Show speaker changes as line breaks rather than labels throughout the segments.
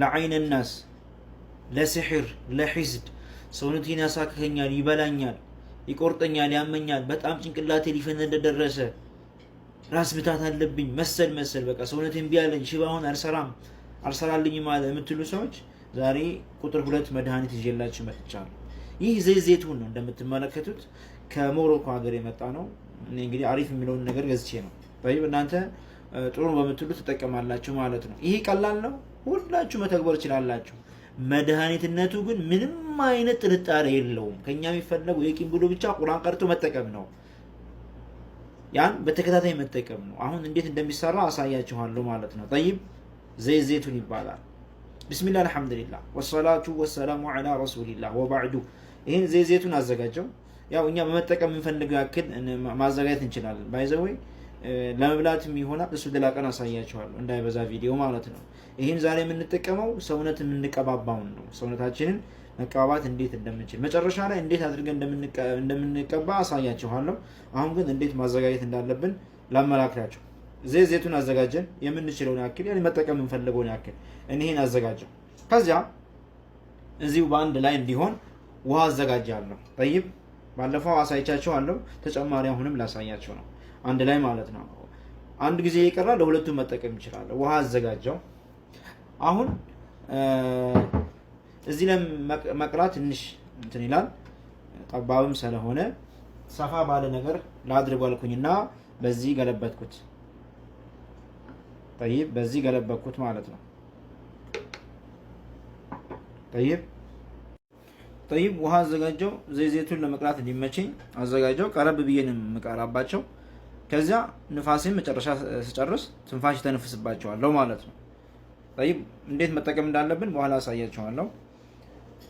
ለዐይን ናስ ለስሕር ለሒስድ ሰውነቴን ያሳክከኛል፣ ይበላኛል፣ ይቆርጠኛል፣ ያመኛል፣ በጣም ጭንቅላቴ ሊፈነ እንደደረሰ ራስ ብታት አለብኝ መሰል መሰል በቃ ሰውነቴን ቢያለኝ ሽባሁን አልሰራም አልሰራልኝም አለ የምትሉ ሰዎች ዛሬ ቁጥር ሁለት መድኃኒት ይዤላችሁ መጥቻለሁ። ይህ ዘይት ዘይቱን ነው እንደምትመለከቱት ከሞሮኮ ሀገር የመጣ ነው። እንግዲህ አሪፍ የሚለውን ነገር ገዝቼ ነው። እናንተ ጥሩ በምትሉ ትጠቀማላችሁ ማለት ነው። ይሄ ቀላል ነው። ሁላችሁ መተግበር ይችላላችሁ። መድኃኒትነቱ ግን ምንም አይነት ጥርጣሬ የለውም። ከኛ የሚፈለገው የቂም ብሎ ብቻ ቁርአን ቀርቶ መጠቀም ነው። ያን በተከታታይ መጠቀም ነው። አሁን እንዴት እንደሚሰራ አሳያችኋለሁ ማለት ነው። ጠይብ ዘይት ዘይቱን ይባላል። ብስሚላ አልሐምዱሊላ ወሰላቱ ወሰላሙ ዐላ ረሱሊላ ወባዕዱ። ይህን ዘይት ዘይቱን አዘጋጀው። ያው እኛ በመጠቀም የምንፈልገው ያክል ማዘጋጀት እንችላለን። ባይዘወይ ለመብላትም ይሆናል። እሱ ሌላ ቀን አሳያቸዋለሁ፣ እንዳይበዛ ቪዲዮ ማለት ነው። ይህን ዛሬ የምንጠቀመው ሰውነት የምንቀባባውን ነው። ሰውነታችንን መቀባባት እንዴት እንደምንችል መጨረሻ ላይ እንዴት አድርገን እንደምንቀባ አሳያችኋለሁ። አሁን ግን እንዴት ማዘጋጀት እንዳለብን ላመላክታቸው። ዜ ዜቱን አዘጋጀን የምንችለውን ያክል ያ መጠቀም የምንፈልገውን ያክል እኒህን አዘጋጀው። ከዚያ እዚሁ በአንድ ላይ እንዲሆን ውሃ አዘጋጃለሁ። ጠይብ ባለፈው አሳይቻችኋለሁ። ተጨማሪ አሁንም ላሳያቸው ነው። አንድ ላይ ማለት ነው። አንድ ጊዜ የቀራ ለሁለቱም መጠቀም ይችላል። ውሃ አዘጋጀው። አሁን እዚህ ላይ መቅራት ትንሽ እንትን ይላል፣ ጠባብም ስለሆነ ሰፋ ባለ ነገር ላድርግ አልኩኝና በዚህ ገለበትኩት። ጠይብ፣ በዚህ ገለበትኩት ማለት ነው። ጠይብ ጠይብ፣ ውሃ አዘጋጀው። ዘይት ለመቅራት እንዲመችኝ አዘጋጀው። ቀረብ ብዬ የምቀራባቸው ከዚያ ንፋሴን መጨረሻ ስጨርስ ትንፋሽ ተነፍስባቸዋለሁ ማለት ነው። እንዴት መጠቀም እንዳለብን በኋላ አሳያችኋለሁ።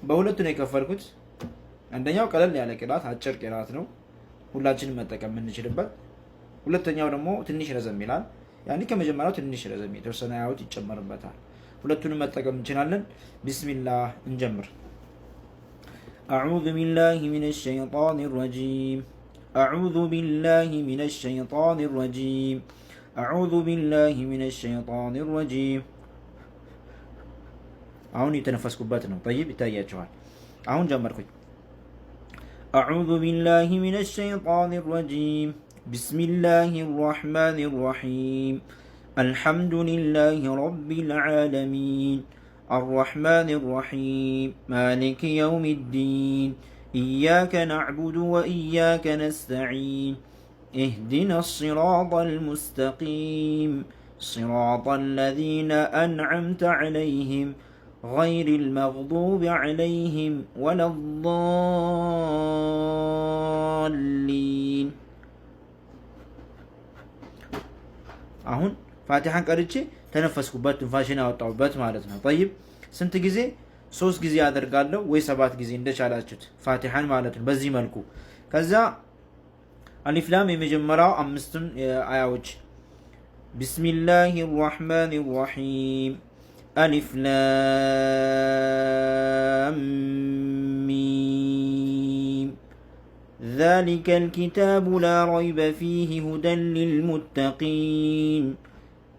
በሁለቱ ነው የከፈልኩት። አንደኛው ቀለል ያለ ቅላት አጭር ቅላት ነው፣ ሁላችንም መጠቀም የምንችልበት። ሁለተኛው ደግሞ ትንሽ ረዘም ይላል። ያኔ ከመጀመሪያው ትንሽ ረዘም የተወሰነ ያውት ይጨመርበታል። ሁለቱንም መጠቀም እንችላለን። ቢስሚላ እንጀምር። አዑዙ ቢላሂ ሚነ ሸይጣን ረጂም أعوذ بالله من الشيطان الرجيم أعوذ بالله من الشيطان الرجيم أعوني تنفس كباتنا طيب ይታያችኋል አሁን ጀመርኩኝ أعوذ بالله من الشيطان الرجيم بسم الله الرحمن الرحيم الحمد لله رب العالمين الرحمن الرحيم مالك يوم الدين إياك نعبد وإياك نستعين اهدنا الصراط المستقيم صراط الذين أنعمت عليهم غير المغضوب عليهم ولا الضالين أهون ፋቲሐን ቀርቼ تنفس كبات فاشينا وطعبات مالتنا طيب ስንት ሶስት ጊዜ አደርጋለሁ ወይ ሰባት ጊዜ እንደቻላችሁት ፋቲሐን ማለት ነው። በዚህ መልኩ ከዛ አሊፍላም የመጀመሪያው አምስቱን አያዎች ብስሚላህ ራሕማን ራሒም አሊፍላም ሚም ذلك الكتاب لا ريب فيه هدى للمتقين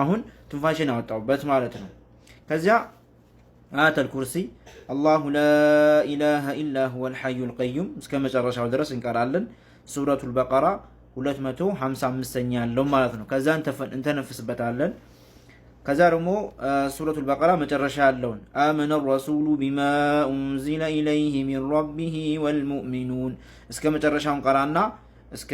አሁን ትንፋሽን አወጣውበት ማለት ነው። ከዚያ አያተል ኩርሲ አላሁ ላኢላሀ ኢላሃ ኢላ ሁወል ሐዩል ቀዩም እስከ መጨረሻው ድረስ እንቀራለን። ሱረቱል በቀራ 255ኛ ያለው ማለት ነው። ከዛ እንተነፍስበታለን። ከዛ ደግሞ ሱረቱል በቀራ መጨረሻ ያለውን አመነ ረሱሉ ቢማ ኡንዚለ ኢለይህ ሚን ረቢህ ወልሙእሚኑን እስከ መጨረሻውን ቀራና እስከ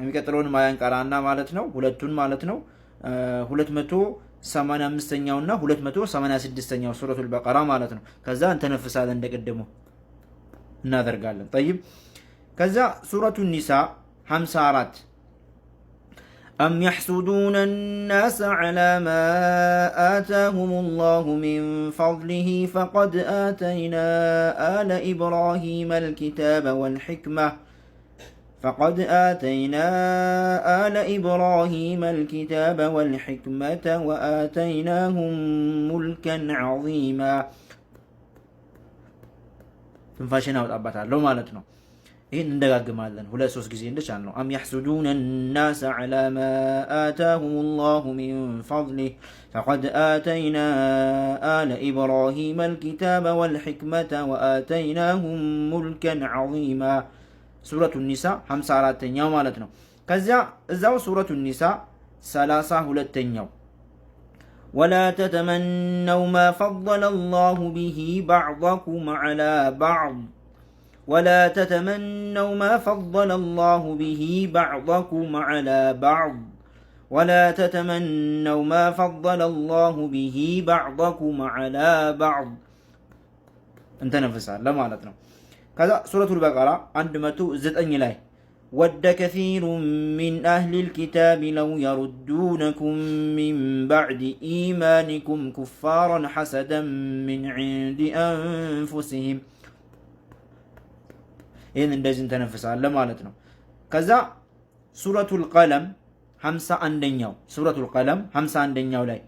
የሚቀጥለውን ማያን ቀራና ማለት ነው። ሁለቱን ማለት ነው 285ኛው እና 286ኛው ሱረቱል በቀራ ማለት ነው። ከዛ እንተነፍሳለን እንደቀደሙ እናደርጋለን። ጠይብ ከዛ ሱረቱ ኒሳ 54 أم يحسدون الناس على ما آتاهم الله من فضله فقد آتينا آل إبراهيم الكتاب والحكمة فقد آتينا آل إبراهيم الكتاب والحكمة وآتيناهم ملكا عظيما ትንፋሽን አወጣባታለሁ ማለት ነው። ይህን እንደጋግማለን ሁለት ሶስት ጊዜ እንደቻል ነው። አም ያሕሱዱነ ናስ ዐላ ማ አታሁም ላሁ ሚን ፈضሊህ ፈቀድ አተይና አለ ኢብራሂም አልኪታበ ወልሕክመተ ወአተይናሁም ሙልከን ዐዚማ ሱረቱ ኒሳ 54ተኛው ማለት ነው። ከዚያ እዛው ሱረቱ ኒሳ 32ተኛው ወላ ተተመነው ማ ፈضለ ላሁ ብሂ ባዕضኩም ዐላ ባዕድ ወላ ተተመነው ማ ፈضለ ላሁ ብሂ ባዕضኩም ዐላ ባዕድ ወላ ተተመነው ማ ፈضለ ላሁ ብሂ ባዕضኩም ዐላ ባዕድ እንተነፍሳለ ማለት ነው። ከዛ ሱረቱል በቀራ 109 ላይ ወደ ከሲሩን ሚን አህሊል ኪታቢ ለው የሩዱነኩም ሚን ባዕድ ኢማኒኩም ኩፋራን ሐሰደን ሚን ዒንዲ አንፉሲሂም ይህን እንደዚህ እንተነፍሳለን ማለት ነው። ከዛ ሱረቱል ቀለም 51ኛው ሱረቱል ቀለም 51ኛው ላይ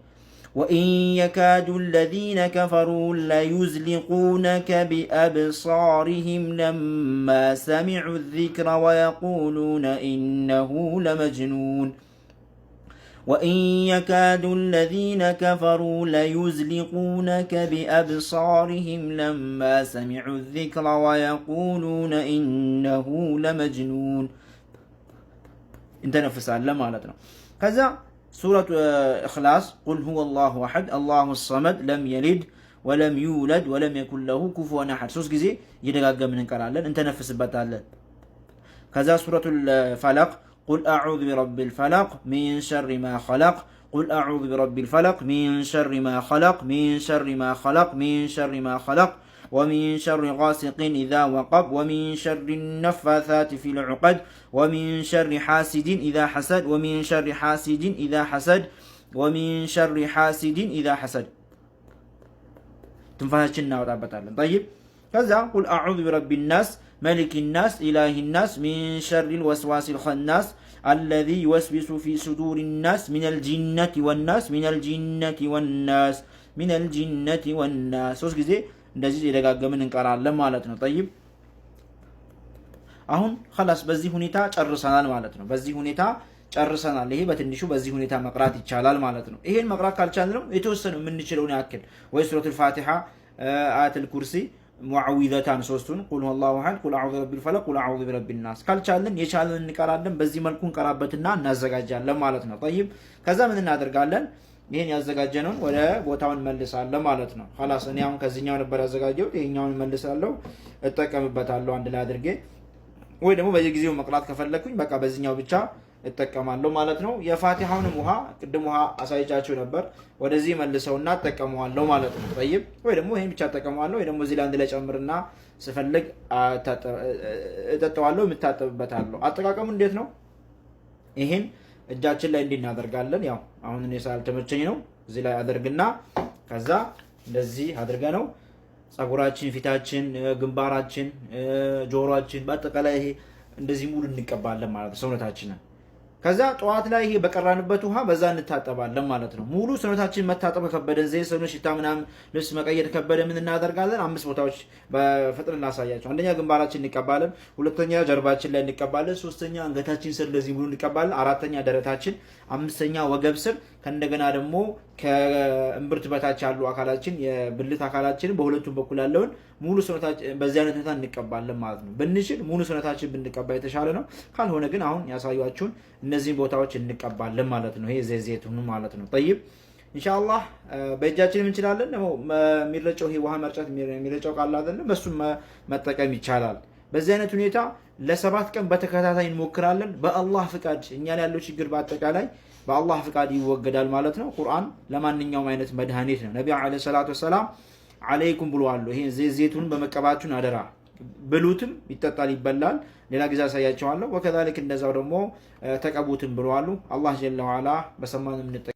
وإن يكاد الذين كفروا ليزلقونك بأبصارهم لما سمعوا الذكر ويقولون إنه لمجنون وإن يكاد الذين كفروا ليزلقونك بأبصارهم لما سمعوا الذكر ويقولون إنه لمجنون انت نفس سؤال لما على كذا سورة آه، إخلاص قل هو الله أحد الله الصمد لم يلد ولم يولد ولم يكن له كفوا أحد سوس ሶስት ጊዜ انت نفس እንተነፍስበታለን። كذا سورة الفلق قل أعوذ برب الفلق من شر ما خلق قل أعوذ برب الفلق من شر ما خلق من شر ما خلق من شر ما خلق, من شر ما خلق ومن شر غاسق إذا وقب ومن شر النفاثات في العقد ومن شر حاسد إذا حسد ومن شر حاسد إذا حسد ومن شر حاسد إذا حسد تنفهشنا النار طيب كذا قل أعوذ برب الناس ملك الناس إله الناس من شر الوسواس الخناس الذي يوسوس في صدور الناس من الجنة والناس من الجنة والناس من الجنة والناس, من الجنة والناس. እንደዚህ የደጋገምን እንቀራለን ማለት ነው። ጠይብ አሁን ላስ በዚህ ሁኔታ ጨርሰናል ማለት ነው። በዚህ ሁኔታ ጨርሰናል። ይሄ በትንሹ በዚህ ሁኔታ መቅራት ይቻላል ማለት ነው። ይሄን መቅራት ካልቻልንም የተወሰነ የምንችለውን ያክል ወይ ሱረት ፋቲሓ፣ አያት ኩርሲ፣ ሙዓዊዘታን ሶስቱን፣ ቁል ሁወ አላሁ አሐድ፣ ቁል አዑዙ ቢረቢል ፈለቅ፣ ቁል አዑዙ ቢረቢን ናስ ካልቻልን እንቀራለን። በዚህ መልኩ እንቀራበትና እናዘጋጃለን ማለት ነው። ጠይብ ከዛ ምን እናደርጋለን? ይህን ያዘጋጀነውን ወደ ቦታውን መልሳለሁ ማለት ነው። ላስ እኔ አሁን ከዚኛው ነበር ያዘጋጀሁት፣ ይህኛውን መልሳለሁ፣ እጠቀምበታለሁ አንድ ላይ አድርጌ ወይ ደግሞ በየጊዜው መቅላት ከፈለግኩኝ በቃ በዚህኛው ብቻ እጠቀማለሁ ማለት ነው። የፋቲሃውንም ውሃ ቅድም ውሃ አሳይቻችሁ ነበር። ወደዚህ መልሰውና እጠቀመዋለሁ ማለት ነው። ጠይብ ወይ ደግሞ ይህን ብቻ እጠቀመዋለሁ፣ ወይ ደግሞ እዚህ ላይ ላይ ጨምርና ስፈልግ እጠጠዋለሁ፣ የምታጠብበታለሁ። አጠቃቀሙ እንዴት ነው? ይህን እጃችን ላይ እንዲህ እናደርጋለን። ያው አሁን እኔ ስላልተመቸኝ ነው። እዚህ ላይ አደርግና ከዛ እንደዚህ አድርገ ነው ፀጉራችን፣ ፊታችን፣ ግንባራችን፣ ጆሮችን በአጠቃላይ ይሄ እንደዚህ ሙሉ እንቀባለን ማለት ነው ሰውነታችንን ከዛ ጠዋት ላይ ይሄ በቀራንበት ውሃ በዛ እንታጠባለን ማለት ነው። ሙሉ ሰውነታችን መታጠብ ከበደን ዘይ ሰውነት ሽታ ምናምን ልብስ መቀየር ከበደ ምን እናደርጋለን? አምስት ቦታዎች በፍጥር እናሳያቸው። አንደኛ ግንባራችን እንቀባለን፣ ሁለተኛ ጀርባችን ላይ እንቀባለን፣ ሶስተኛ አንገታችን ስር ለዚህ ሙሉ እንቀባለን፣ አራተኛ ደረታችን፣ አምስተኛ ወገብ ስር ከእንደገና ደግሞ ከእምብርት በታች ያሉ አካላችን የብልት አካላችን በሁለቱም በኩል ያለውን ሙሉ ሰውነታችን በዚህ አይነት ሁኔታ እንቀባለን ማለት ነው። ብንችል ሙሉ ሰውነታችን ብንቀባ የተሻለ ነው። ካልሆነ ግን አሁን ያሳዩችሁን እነዚህን ቦታዎች እንቀባለን ማለት ነው። ይሄ ዘይቱኑ ማለት ነው። ጠይብ እንሻላ በእጃችን እንችላለን። ደግሞ የሚረጨው ይሄ ውሃ መርጨት የሚረጨው ቃል በሱም መጠቀም ይቻላል። በዚህ አይነት ሁኔታ ለሰባት ቀን በተከታታይ እንሞክራለን። በአላህ ፍቃድ እኛ ላይ ያለው ችግር በአጠቃላይ በአላህ ፍቃድ ይወገዳል ማለት ነው። ቁርአን ለማንኛውም አይነት መድኃኒት ነው። ነቢ ዓለይሂ ሰላቱ ወሰላም አለይኩም ብለዋል። ይሄ ዘይቱን በመቀባችሁን አደራ ብሉትም ይጠጣል፣ ይበላል። ሌላ ጊዜ አሳያቸዋለሁ። ወከዛሊክ እንደዛው ደግሞ ተቀቡትም ብለዋሉ። አላህ ጀለ ዋላ በሰማን